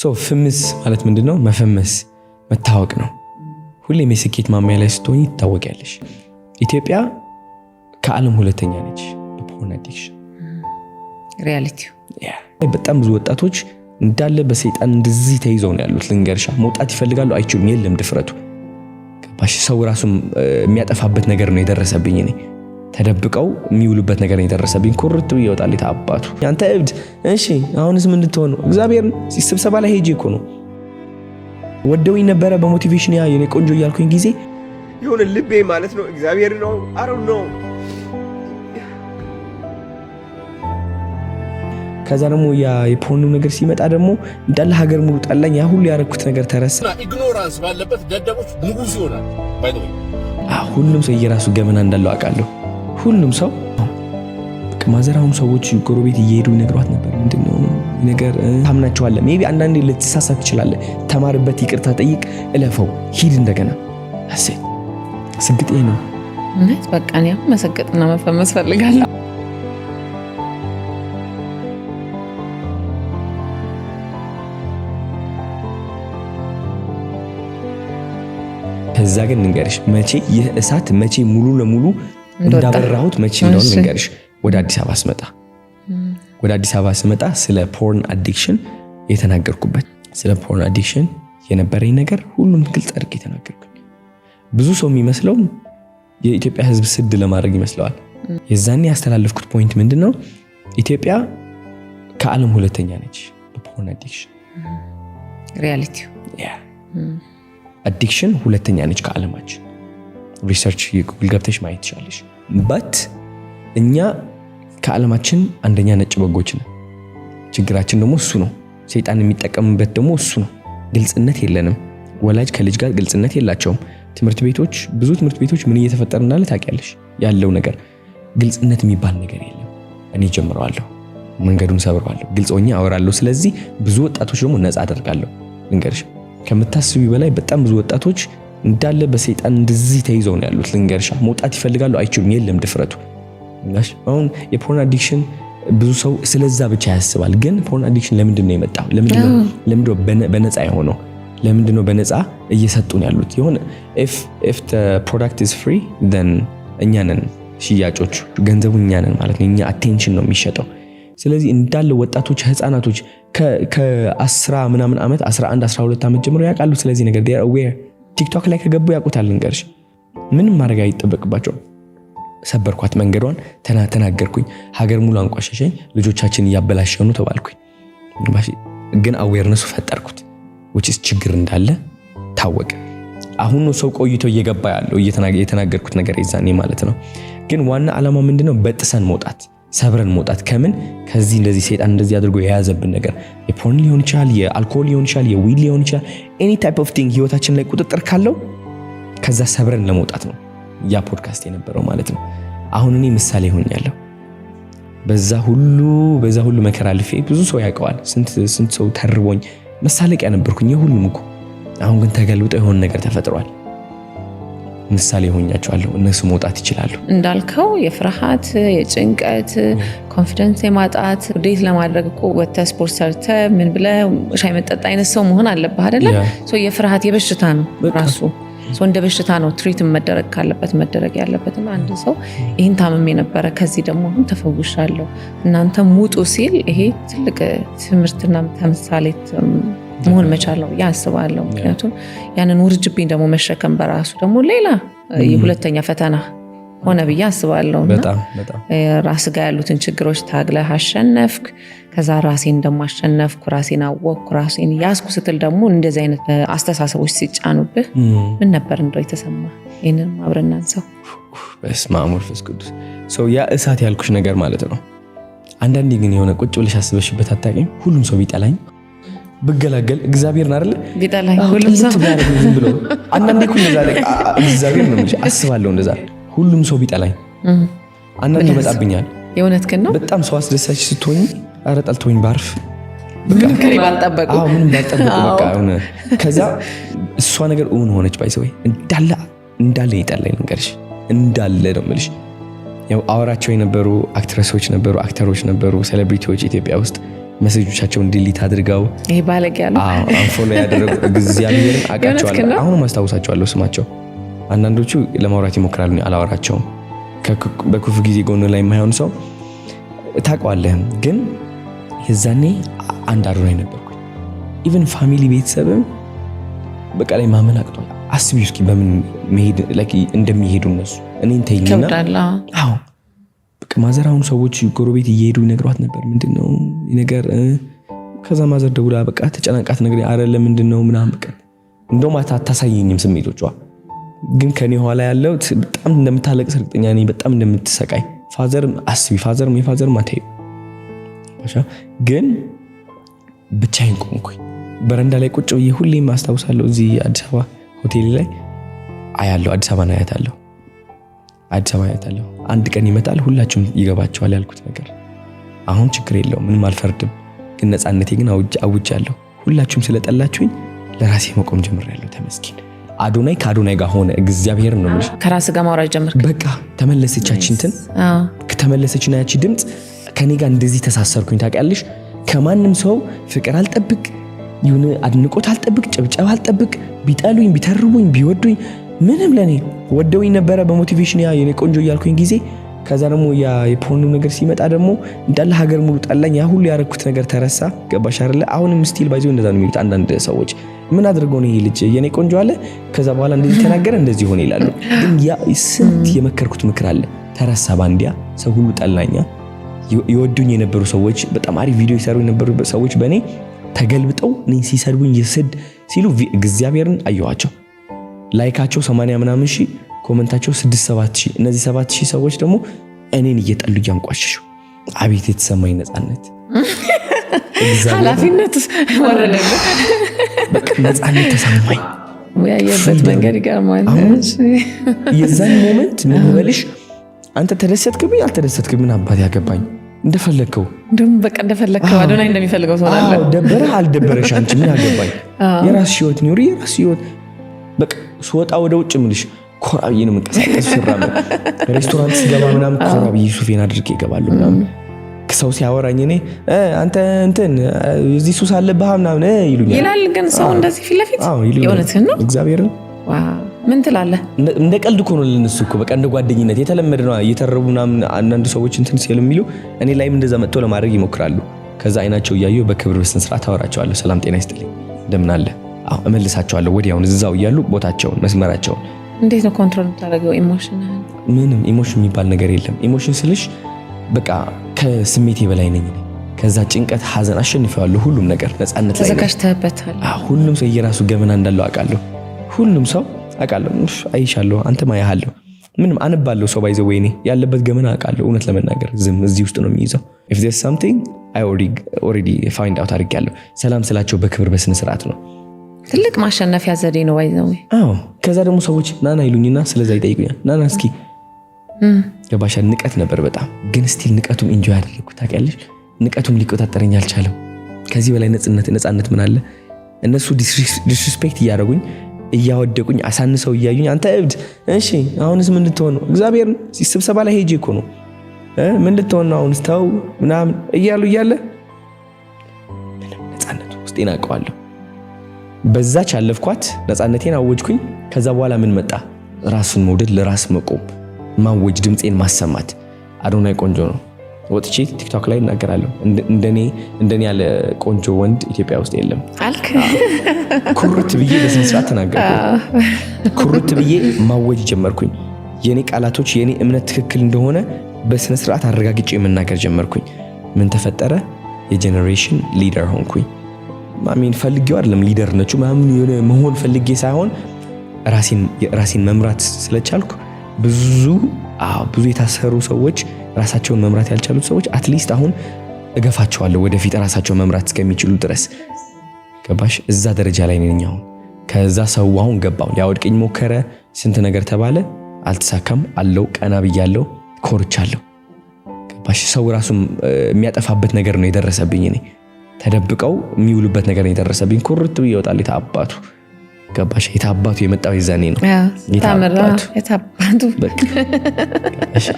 ሰው ፍምስ ማለት ምንድን ነው? መፈመስ መታወቅ ነው። ሁሌም የስኬት ማማያ ላይ ስትሆኝ ይታወቂያለሽ። ኢትዮጵያ ከዓለም ሁለተኛ ነች በፖርን አዲክሽን በጣም ብዙ ወጣቶች እንዳለ በሰይጣን እንደዚህ ተይዘው ነው ያሉት። ልንገርሻ መውጣት ይፈልጋሉ፣ አይችሉም። የለም ድፍረቱ። ገባሽ? ሰው ራሱ የሚያጠፋበት ነገር ነው የደረሰብኝ እኔ ተደብቀው የሚውሉበት ነገር የደረሰብኝ። ኩርት ብዬ ይወጣል አባቱ ያንተ እብድ። እሺ አሁንስ ምን ልትሆን ነው? እግዚአብሔር ስብሰባ ላይ ሄጄ እኮ ነው ወደውኝ ነበረ በሞቲቬሽን ያ የኔ ቆንጆ እያልኩኝ ጊዜ የሆነ ልቤ ማለት ነው እግዚአብሔር ነው አረው ነው። ከዛ ደግሞ የፖኑ ነገር ሲመጣ ደግሞ እንዳለ ሀገር ሙሉ ጠላኝ። ያ ሁሉ ያደረኩት ነገር ተረሳ። ኢግኖራንስ ባለበት ደደቦች ንጉስ ይሆናል። ሁሉም ሰው የራሱ ገመና እንዳለው አውቃለሁ። ሁሉም ሰው ማዘራውም ሰዎች ጎረቤት እየሄዱ ይነግሯት ነበር። ምንድነው ነገር ታምናቸዋለ? ሜይ ቢ አንዳንዴ ልትሳሳት ትችላለ። ተማርበት፣ ይቅርታ ጠይቅ፣ እለፈው፣ ሂድ እንደገና እሴ ስግጤ ነው እውነት በቃ እኔ አሁን መሰገጥና መፈመስ ፈልጋለሁ። ከዛ ግን ንገርሽ መቼ ይህ እሳት መቼ ሙሉ ለሙሉ እንዳበራሁት መቼ እንደሆነ ልንገርሽ። ወደ አዲስ አበባ ስመጣ ወደ አዲስ አበባ ስመጣ ስለ ፖርን አዲክሽን የተናገርኩበት ስለ ፖርን አዲክሽን የነበረኝ ነገር ሁሉም ግልጽ አድርጌ የተናገርኩኝ። ብዙ ሰው የሚመስለው የኢትዮጵያ ሕዝብ ስድ ለማድረግ ይመስለዋል። የዛኔ ያስተላለፍኩት ፖይንት ምንድን ነው? ኢትዮጵያ ከዓለም ሁለተኛ ነች በፖርን አዲክሽን ሪያሊቲ አዲክሽን ሁለተኛ ነች ከዓለማችን ሪሰርች ጉግል ገብተሽ ማየት ትችላለሽ። በት እኛ ከዓለማችን አንደኛ ነጭ በጎች ነን። ችግራችን ደግሞ እሱ ነው። ሰይጣን የሚጠቀምበት ደግሞ እሱ ነው። ግልጽነት የለንም። ወላጅ ከልጅ ጋር ግልጽነት የላቸውም። ትምህርት ቤቶች፣ ብዙ ትምህርት ቤቶች ምን እየተፈጠረ እንዳለ ታውቂያለሽ። ያለው ነገር ግልጽነት የሚባል ነገር የለም። እኔ ጀምረዋለሁ፣ መንገዱን ሰብረዋለሁ፣ ግልጽ ሆኜ አወራለሁ። ስለዚህ ብዙ ወጣቶች ደግሞ ነፃ አደርጋለሁ። ልንገርሽ ከምታስቢ በላይ በጣም ብዙ ወጣቶች እንዳለ በሰይጣን እንደዚህ ተይዘው ነው ያሉት። ልንገርሻ መውጣት ይፈልጋሉ፣ አይችሉም። የለም ድፍረቱ። አሁን የፖርን አዲክሽን ብዙ ሰው ስለዛ ብቻ ያስባል። ግን ፖርን አዲክሽን ለምንድን ነው የመጣው? ለምንድን ነው በነፃ የሆነው? ለምንድን ነው በነፃ እየሰጡን ያሉት? የሆነ ኢፍ ፕሮዳክት ኢዝ ፍሪ ን እኛንን ሽያጮች፣ ገንዘቡ እኛንን ማለት ነው። እኛ አቴንሽን ነው የሚሸጠው። ስለዚህ እንዳለ ወጣቶች፣ ህፃናቶች ከ ምናምን ዓመት 11 12 ዓመት ጀምሮ ያውቃሉ ስለዚህ ነገር ዌር ቲክቶክ ላይ ከገቡ ያውቁታል። ልንገርሽ፣ ምንም ማድረግ አይጠበቅባቸውም። ሰበርኳት መንገዷን ተናገርኩኝ። ሀገር ሙሉ አንቋሸሸኝ። ልጆቻችን እያበላሸኑ ተባልኩኝ። ግን አዌርነሱ ፈጠርኩት። ውጭስ ችግር እንዳለ ታወቀ። አሁን ሰው ቆይቶ እየገባ ያለው የተናገርኩት ነገር የዛኔ ማለት ነው። ግን ዋና ዓላማ ምንድነው? በጥሰን መውጣት ሰብረን መውጣት ከምን ከዚህ እንደዚህ ሰይጣን እንደዚህ አድርጎ የያዘብን ነገር የፖርን ሊሆን ይችላል፣ የአልኮል ሊሆን ይችላል፣ የዊድ ሊሆን ይችላል። ኤኒ ታይፕ ኦፍ ቲንግ ህይወታችን ላይ ቁጥጥር ካለው ከዛ ሰብረን ለመውጣት ነው ያ ፖድካስት የነበረው ማለት ነው። አሁን እኔ ምሳሌ ያለው በዛ ሁሉ በዛ ሁሉ መከራ አልፌ ብዙ ሰው ያውቀዋል። ስንት ስንት ሰው ተርቦኝ መሳለቂያ ነበርኩኝ የሁሉም እኮ። አሁን ግን ተገልብጦ የሆነ ነገር ተፈጥሯል። ምሳሌ ሆኛቸዋለሁ። እነሱ መውጣት ይችላሉ። እንዳልከው የፍርሃት የጭንቀት ኮንፊደንስ የማጣት ውዴት ለማድረግ እኮ ወተ ስፖርት ሰርተ ምን ብለ ሻይ መጠጥ አይነት ሰው መሆን አለብህ አይደለ? የፍርሃት የበሽታ ነው ራሱ እንደ በሽታ ነው ትሪት መደረግ ካለበት መደረግ ያለበት። እና አንድ ሰው ይህን ታምም የነበረ ከዚህ ደግሞ አሁን ተፈውሻለሁ እናንተ ሙጡ ሲል ይሄ ትልቅ ትምህርትና ተምሳሌ መሆን መቻል ነው ብዬ አስባለሁ። ምክንያቱም ያንን ውርጅብኝ ደግሞ መሸከም በራሱ ደግሞ ሌላ የሁለተኛ ፈተና ሆነ ብዬ አስባለሁ። ራስ ጋር ያሉትን ችግሮች ታግለህ አሸነፍክ። ከዛ ራሴን ደግሞ አሸነፍኩ፣ ራሴን አወቅኩ፣ ራሴን ያስኩ ስትል ደግሞ እንደዚህ አይነት አስተሳሰቦች ሲጫኑብህ ምን ነበር እንደው የተሰማ? ይህንን አብረናን ሰው በስመ አብ ቅዱስ። ያ እሳት ያልኩሽ ነገር ማለት ነው። አንዳንዴ ግን የሆነ ቁጭ ብለሽ አስበሽበት አታውቂም? ሁሉም ሰው ቢጠላኝ ብገላገል እግዚአብሔርን አይደለ ብሎ አንዳንዴ እኮ እንደዛ እግዚአብሔር ነው አስባለሁ። እንደዛ ሁሉም ሰው ቢጠላኝ አንዳንዴ ይመጣብኛል። የእውነት ግን ነው። በጣም ሰው አስደሳች ስትሆኝ ኧረ ጠልቶኝ ባርፍ ምንም ባልጠበቁ ከዛ እሷ ነገር እውን ሆነች። ባይዘ ወይ እንዳለ እንዳለ ይጠላኝ ነገርሽ እንዳለ ነው የምልሽ። ያው አወራቸው የነበሩ አክትረሶች ነበሩ፣ አክተሮች ነበሩ፣ ሴሌብሪቲዎች ኢትዮጵያ ውስጥ መሴጆቻቸውን ዲሊት አድርገው ይሄ ባለጊያ ነው አንፎሎ ያደረጉ እግዚአብሔርን አውቃቸዋለሁ። አሁንም አስታውሳቸዋለሁ። ስማቸው አንዳንዶቹ ለማውራት ይሞክራሉ፣ አላወራቸውም። በክፉ ጊዜ ጎን ላይ የማይሆን ሰው ታውቀዋለህ። ግን የዛኔ አንድ አድሮ ላይ ነበርኩኝ። ኢቨን ፋሚሊ ቤተሰብም በቃ ላይ ማመን አቅቷል። አስቢ እስኪ በምን መሄድ እንደሚሄዱ እነሱ እኔን ተይኝና ማዘር አሁን ሰዎች ጎረቤት እየሄዱ ይነግሯት ነበር። ምንድነው ነገር ከዛ ማዘር ደውላ በቃ ተጨናንቃት ነገር አረለ ምንድነው ምናምን በቃ እንደውም አታሳየኝም ስሜቶቿ ግን ከኔ ኋላ ያለው በጣም እንደምታለቅ እርግጠኛ ነኝ። በጣም እንደምትሰቃይ ፋዘር አስቢ ፋዘር ወይ የፋዘር ማታይ ግን ብቻዬን ቆምኩኝ በረንዳ ላይ ቁጭ ብዬ ሁሌም አስታውሳለሁ። እዚህ አዲስ አበባ ሆቴል ላይ አያለሁ። አዲስ አበባ አያታለሁ። አዲስ አበባ አያታለሁ። አንድ ቀን ይመጣል፣ ሁላችሁም ይገባቸዋል ያልኩት ነገር። አሁን ችግር የለውም ምንም አልፈርድም፣ ግን ነፃነቴ ግን አውጃለሁ። ሁላችሁም ስለጠላችሁኝ ለራሴ መቆም ጀምሬያለሁ። ተመስኪን አዶናይ ከአዶናይ ጋር ሆነ። እግዚአብሔር ነው የምልሽ። ከራስ ጋር ማውራት ጀምር። በቃ ተመለሰች ያቺ እንትን ተመለሰች ና ያቺ ድምፅ ከኔ ጋር እንደዚህ ተሳሰርኩኝ። ታውቂያለሽ ከማንም ሰው ፍቅር አልጠብቅ፣ ይሁን አድንቆት አልጠብቅ፣ ጭብጨባ አልጠብቅ። ቢጠሉኝ፣ ቢተርቡኝ፣ ቢወዱኝ ምንም ለእኔ ወደውኝ ነበረ በሞቲቬሽን ያ የኔ ቆንጆ እያልኩኝ ጊዜ ከዛ ደግሞ ያ የፖርኑ ነገር ሲመጣ ደግሞ እንዳለ ሀገር ሙሉ ጠላኝ። ያ ሁሉ ያረኩት ነገር ተረሳ። ገባሽ አይደለ? አሁንም ስቲል ባይዘው እንደዛ ነው የሚሉት አንዳንድ ሰዎች። ምን አድርገው ነው ይሄ ልጅ የኔ ቆንጆ አለ፣ ከዛ በኋላ እንደዚህ ተናገረ፣ እንደዚህ ሆነ ይላሉ። ግን ያ ስንት የመከርኩት ምክር አለ ተረሳ። ባንዲያ ሰው ሁሉ ጠላኛ። የወዱኝ የነበሩ ሰዎች፣ በጣም አሪፍ ቪዲዮ ይሰሩ የነበሩ ሰዎች በእኔ ተገልብጠው ሲሰድቡኝ ስድ ሲሉ እግዚአብሔርን አየኋቸው። ላይካቸው 80 ምናምን ሺ ኮመንታቸው 67 ሺ እነዚህ 7 ሺ ሰዎች ደግሞ እኔን እየጠሉ እያንቋሸሹ አቤት የተሰማኝ ነፃነት ኃላፊነት ወረደልህ። ነፃነት ተሰማኝ። ያየበት መንገድ ይገርማል። የዛን ሞመንት ምን በልሽ አንተ ብ አልተደሰትክ ምን አባት ያገባኝ፣ እንደፈለግከው በቃ እንደፈለግከው አዶናይ እንደሚፈልገው ሰው ደበረህ አልደበረሽ አንቺ ምን ያገባኝ፣ የራስሽ ህይወት ኑሪ የራስሽ ህይወት በቃ ስወጣ ወደ ውጭ ምልሽ ኮራ ብዬ ነው የምንቀሳቀስ። ስራ ሬስቶራንት ስገባ ምናምን ኮራ ብዬ ሱፌን አድርጌ ይገባሉ ምናምን ሰው ሲያወራኝ እኔ አንተ እንትን እዚህ ሱስ አለብህ ምናምን ይሉኛል ይላል። ግን ሰው እንደዚህ ፊት ለፊት የእውነትህን ነው እግዚአብሔርን ምን ትላለህ? እንደ ቀልድ እኮ ነው ለነሱ እኮ በቃ እንደ ጓደኝነት የተለመደ ነው። እየተረቡ ምናምን አንዳንድ ሰዎች እንትን ሲሉ የሚሉ እኔ ላይም እንደዛ መጥቶ ለማድረግ ይሞክራሉ። ከዛ አይናቸው እያየሁ በክብር በስነ ስርዓት አወራቸዋለሁ። ሰላም ጤና ይስጥልኝ፣ እንደምን አለ እመልሳቸዋለሁ ወዲያውን እዛው እያሉ ቦታቸውን መስመራቸውን። እንዴት ነው ኮንትሮል የምታደርገው ኢሞሽን? ምንም ኢሞሽን የሚባል ነገር የለም። ኢሞሽን ስልሽ በቃ ከስሜቴ በላይ ነኝ። ከዛ ጭንቀት፣ ሀዘን አሸንፈዋለሁ። ሁሉም ነገር ነፃነት ላይ ተዘጋጅተህበታል። ሁሉም ሰው የራሱ ገመና እንዳለው አውቃለሁ። ሁሉም ሰው አውቃለሁ። አይሻለሁ፣ አንተም አያሃለሁ። ምንም አንባለሁ። ሰው ባይዘው ወይኔ ያለበት ገመና አውቃለሁ። እውነት ለመናገር ዝም እዚህ ውስጥ ነው የሚይዘው። ኢፍ ዜርስ ሳምቲንግ አይ ኦልሬዲ ፋይንድ አውት አድርጌያለሁ። ሰላም ስላቸው በክብር በስነ ስርዓት ነው ትልቅ ማሸነፊያ ዘዴ ነው። ባይ አዎ። ከዛ ደግሞ ሰዎች ናና ይሉኝና ስለዛ ይጠይቁኛል። ናና እስኪ ገባሻ። ንቀት ነበር በጣም ግን ስቲል ንቀቱም እንጆ ያደረግኩ ታውቂያለሽ፣ ንቀቱም ሊቆጣጠረኝ አልቻለም። ከዚህ በላይ ነፃነት ነፃነት ምን አለ? እነሱ ዲስሪስፔክት እያደረጉኝ እያወደቁኝ አሳንሰው እያዩኝ፣ አንተ እብድ፣ እሺ አሁንስ ምን ልትሆን ነው? እግዚአብሔር ስብሰባ ላይ ሄጄ እኮ ነው ምን ልትሆን ነው አሁንስ ተው ምናምን እያሉ እያለ ምንም ነጻነቱ ውስጤን አውቀዋለሁ በዛች አለፍኳት፣ ነፃነቴን አወጅኩኝ። ከዛ በኋላ ምን መጣ? ራሱን መውደድ፣ ለራስ መቆም፣ ማወጅ፣ ድምፄን ማሰማት። አዶናይ ቆንጆ ነው። ወጥቼ ቲክቶክ ላይ እናገራለሁ። እንደኔ እንደኔ ያለ ቆንጆ ወንድ ኢትዮጵያ ውስጥ የለም አልክ። ኩርት ብዬ በስነ ስርዓት ተናገርኩ። ኩርት ብዬ ማወጅ ጀመርኩኝ። የኔ ቃላቶች የኔ እምነት ትክክል እንደሆነ በስነ ስርዓት አረጋግጬ መናገር ጀመርኩኝ። ምን ተፈጠረ? የጀኔሬሽን ሊደር ሆንኩኝ። ማሚን ፈልጌው አይደለም ሊደር ነችው ምናምን የሆነ መሆን ፈልጌ ሳይሆን ራሴን መምራት ስለቻልኩ ብዙ ብዙ የታሰሩ ሰዎች ራሳቸውን መምራት ያልቻሉት ሰዎች አትሊስት አሁን እገፋቸዋለሁ ወደፊት ራሳቸውን መምራት እስከሚችሉ ድረስ። ገባሽ? እዛ ደረጃ ላይ ነኝ አሁን። ከዛ ሰው አሁን ገባው ሊያወድቀኝ ሞከረ፣ ስንት ነገር ተባለ፣ አልተሳካም አለው። ቀና ብያለው፣ ኮርቻለሁ። ገባሽ? ሰው ራሱ የሚያጠፋበት ነገር ነው የደረሰብኝ እኔ ተደብቀው የሚውሉበት ነገር የደረሰብኝ። ኩርት ብዬ ይወጣል። የታባቱ ገባሽ? የታባቱ የመጣው የዛኔ ነው።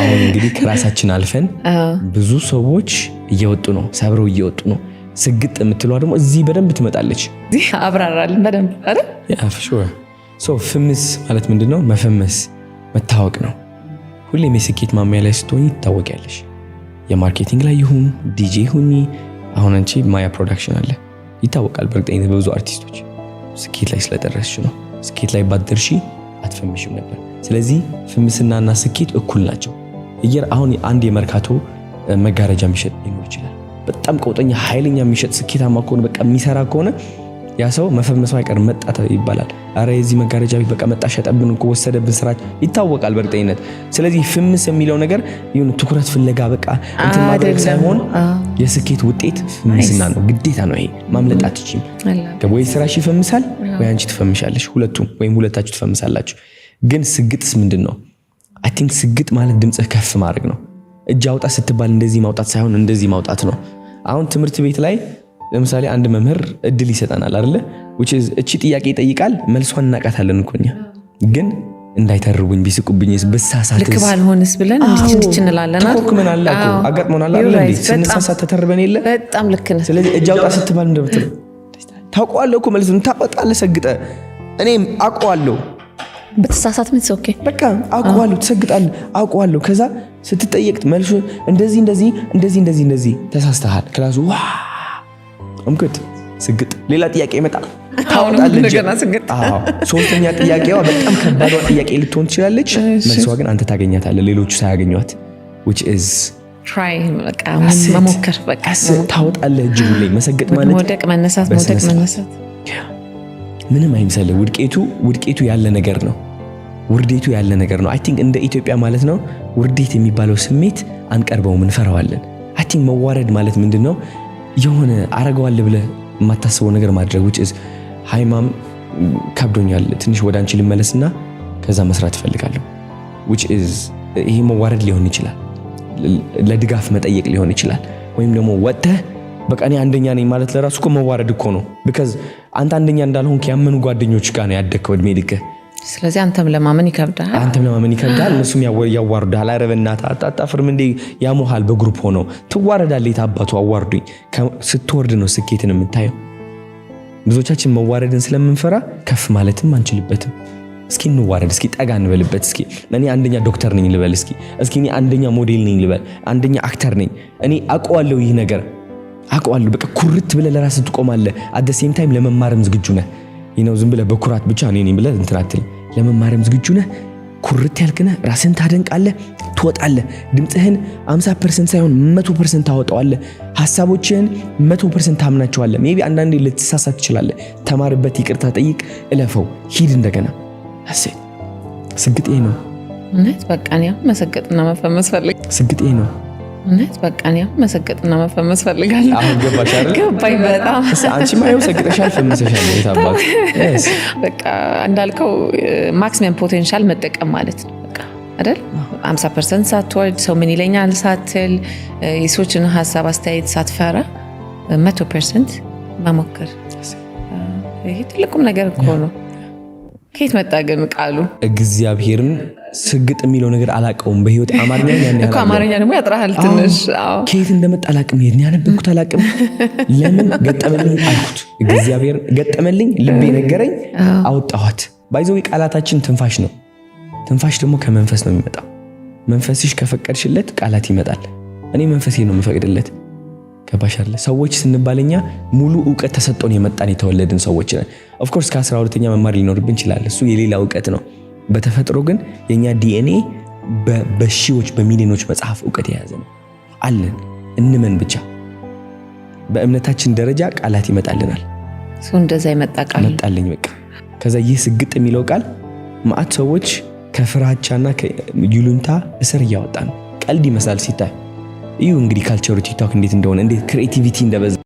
አሁን እንግዲህ ከራሳችን አልፈን ብዙ ሰዎች እየወጡ ነው፣ ሰብረው እየወጡ ነው። ስግጥ የምትለዋ ደግሞ እዚህ በደንብ ትመጣለች። አብራራልን በደንብ ፍምስ ማለት ምንድን ነው? መፈመስ መታወቅ ነው። ሁሌም የስኬት ማሚያ ላይ ስትሆኝ ይታወቂያለሽ። የማርኬቲንግ ላይ ይሁን ዲጄ ሁኚ አሁን አንቺ ማያ ፕሮዳክሽን አለ ይታወቃል። በእርግጠኝነት በብዙ አርቲስቶች ስኬት ላይ ስለደረስሽ ነው። ስኬት ላይ ባደርሺ አትፈምሽም ነበር። ስለዚህ ፍምስናና ስኬት እኩል ናቸው። እየር አሁን አንድ የመርካቶ መጋረጃ የሚሸጥ ሊኖር ይችላል። በጣም ቀውጠኛ ኃይለኛ የሚሸጥ ስኬታማ ከሆነ በቃ የሚሰራ ከሆነ ያ ሰው መፈመሱ አይቀርም መጣ ይባላል። አረ የዚህ መጋረጃ ቤት በቃ መጣ፣ ሸጠብን እኮ ወሰደብን፣ ስራ ይታወቃል በእርግጠኝነት። ስለዚህ ፍምስ የሚለው ነገር ይሁን ትኩረት ፍለጋ በቃ እንትን ማድረግ ሳይሆን የስኬት ውጤት ፍምስና ነው፣ ግዴታ ነው። ይሄ ማምለጥ አትችይም። ወይ ስራሽ ይፈምሳል ወይ አንቺ ትፈምሻለሽ፣ ሁለቱም ወይም ሁለታችሁ ትፈምሳላችሁ። ግን ስግጥስ ምንድን ነው? አይ ቲንክ ስግጥ ማለት ድምፅህ ከፍ ማድረግ ነው። እጅ አውጣ ስትባል እንደዚህ ማውጣት ሳይሆን እንደዚህ ማውጣት ነው። አሁን ትምህርት ቤት ላይ ለምሳሌ አንድ መምህር እድል ይሰጠናል አይደለ? እቺ ጥያቄ ይጠይቃል፣ መልሷን እናቃታለን እኮኛ ግን እንዳይተርቡኝ ቢስቁብኝ ብሳሳትስ ልክ ባልሆንስ ብለን እንድች እንላለን። ምን አለ አጋጥሞናል አለ ስንሳሳት ተተርበን የለ በጣም ልክ ነህ። ስለዚህ እጅ አውጣ ስትባል እንደምትል ታውቀዋለሁ እኮ መልስ ታወጣለህ ሰግጠ እኔም አውቀዋለሁ በተሳሳት ምን ኦኬ በቃ አውቀዋለሁ ትሰግጣለህ አውቀዋለሁ። ከዛ ስትጠየቅ መልሱ እንደዚህ እንደዚህ እንደዚህ እንደዚህ እንደዚህ ተሳስተሃል ክላሱ ዋ እምክት ስግጥ ሌላ ጥያቄ ይመጣል። ሶስተኛ ጥያቄዋ በጣም ከባዷ ጥያቄ ልትሆን ትችላለች። መልሷ ግን አንተ ታገኛታለህ፣ ሌሎቹ ሳያገኟት መሞከር ታወጣለህ። እጅ ሁሌ መሰገጥ ማለት መውደቅ፣ መነሳት፣ መውደቅ፣ መነሳት ምንም አይምሰልህ። ውድቄቱ ውድቄቱ ያለ ነገር ነው። ውርዴቱ ያለ ነገር ነው። አይ ቲንክ እንደ ኢትዮጵያ ማለት ነው ውርዴት የሚባለው ስሜት አንቀርበውም፣ እንፈራዋለን። አይ ቲንክ መዋረድ ማለት ምንድን ነው? የሆነ አረገዋል ብለ የማታስበው ነገር ማድረግ ውጭ ሃይማም ከብዶኛል፣ ትንሽ ወደ አንቺ ልመለስና ከዛ መስራት እፈልጋለሁ። ውጭ ይሄ መዋረድ ሊሆን ይችላል፣ ለድጋፍ መጠየቅ ሊሆን ይችላል። ወይም ደግሞ ወጥተህ በቃ እኔ አንደኛ ነኝ ማለት ለራሱ እኮ መዋረድ እኮ ነው። ቢካዝ አንተ አንደኛ እንዳልሆንክ ያመኑ ጓደኞች ጋር ነው ያደግከው እድሜ ልክህ ስለዚህ አንተም ለማመን ይከብዳል፣ አንተም ለማመን ይከብዳል። እነሱም ያዋርዳል። አረ በእናትህ አጣጣፍርም እንዴ ያሞሃል። በግሩፕ ሆነው ትዋረዳለህ። አባቱ አዋርዱኝ። ስትወርድ ነው ስኬትን የምታየው። ብዙዎቻችን መዋረድን ስለምንፈራ ከፍ ማለትም አንችልበትም። እስኪ እንዋረድ፣ እስኪ ጠጋ እንበልበት። እስኪ እኔ አንደኛ ዶክተር ነኝ ልበል። እስኪ እስኪ እኔ አንደኛ ሞዴል ነኝ ልበል። አንደኛ አክተር ነኝ እኔ አውቀዋለሁ፣ ይህ ነገር አውቀዋለሁ። በቃ ኩርት ብለህ ለራስህ ትቆማለህ። አደሴም ታይም ለመማርም ዝግጁ ነህ። ይነው ዝም ብለህ በኩራት ብቻ እኔ ነኝ ብለህ እንትን አትልም። ለመማርም ዝግጁ ነህ፣ ኩርት ያልክ ነህ፣ ራስህን ታደንቃለህ፣ ትወጣለህ። ድምፅህን 50 ፐርሰንት ሳይሆን መቶ ፐርሰንት ታወጣዋለህ። ሀሳቦችህን መቶ ፐርሰንት ታምናቸዋለህ። ሜይ ቢ አንዳንዴ ልትሳሳት ትችላለህ። ተማርበት፣ ይቅርታ ጠይቅ፣ እለፈው፣ ሂድ እንደገና። ሴት ስግጤ ነው እውነት በቃ መሰገጥና መፈመስ ፈልግ ስግጤ ነው እውነት በቃ እኔ አሁን መሰገጥና መፈመስ ፈልጋለሁ። አሁን ገባሽ አይደል? ገባኝ። በጣም አንቺማ ይኸው ሰግጠሻል፣ ፈምሰሻል። በቃ እንዳልከው ማክሲመም ፖቴንሻል መጠቀም ማለት ነው በቃ አይደል? ሀምሳ ፐርሰንት ሳትወርድ ሰው ምን ይለኛል ሳትል የሰዎችን ሀሳብ አስተያየት ሳትፈራ መቶ ፐርሰንት መሞከር ይሄ ትልቁም ነገር እኮ ነው። ከየት መጣ ግን ቃሉ እግዚአብሔርን ስግጥ የሚለው ነገር አላቀውም። በህይወት አማርኛ እኮ አማርኛ ደግሞ ያጥራሃል ትንሽ። ከየት እንደመጣ አላቅም። የት ያነበብኩት አላቅም። ለምን ገጠመልኝ አልኩት። እግዚአብሔር ገጠመልኝ፣ ልቤ ነገረኝ፣ አወጣኋት። ባይዘ ቃላታችን ትንፋሽ ነው። ትንፋሽ ደግሞ ከመንፈስ ነው የሚመጣው። መንፈስሽ ከፈቀድሽለት ቃላት ይመጣል። እኔ መንፈሴ ነው የምፈቅድለት። ከባሻለ ሰዎች ስንባለኛ ሙሉ እውቀት ተሰጥቶን የመጣን የተወለድን ሰዎች ነን። ኦፍኮርስ ከአስራ ሁለተኛ መማር ሊኖርብን ይችላል። እሱ የሌላ እውቀት ነው በተፈጥሮ ግን የእኛ ዲኤንኤ በሺዎች በሚሊዮኖች መጽሐፍ እውቀት የያዘ ነው አለን። እንመን ብቻ። በእምነታችን ደረጃ ቃላት ይመጣልናል። ሰው እንደዛ ይመጣ ቃል መጣልኝ በቃ ከዛ ይህ ስግጥ የሚለው ቃል ማአት ሰዎች ከፍራቻና ከይሉንታ እስር እያወጣ ነው። ቀልድ ይመስላል ሲታይ። እዩ እንግዲህ ካልቸሩ ቲክቶክ እንዴት እንደሆነ እንዴት ክሬቲቪቲ እንደበዛ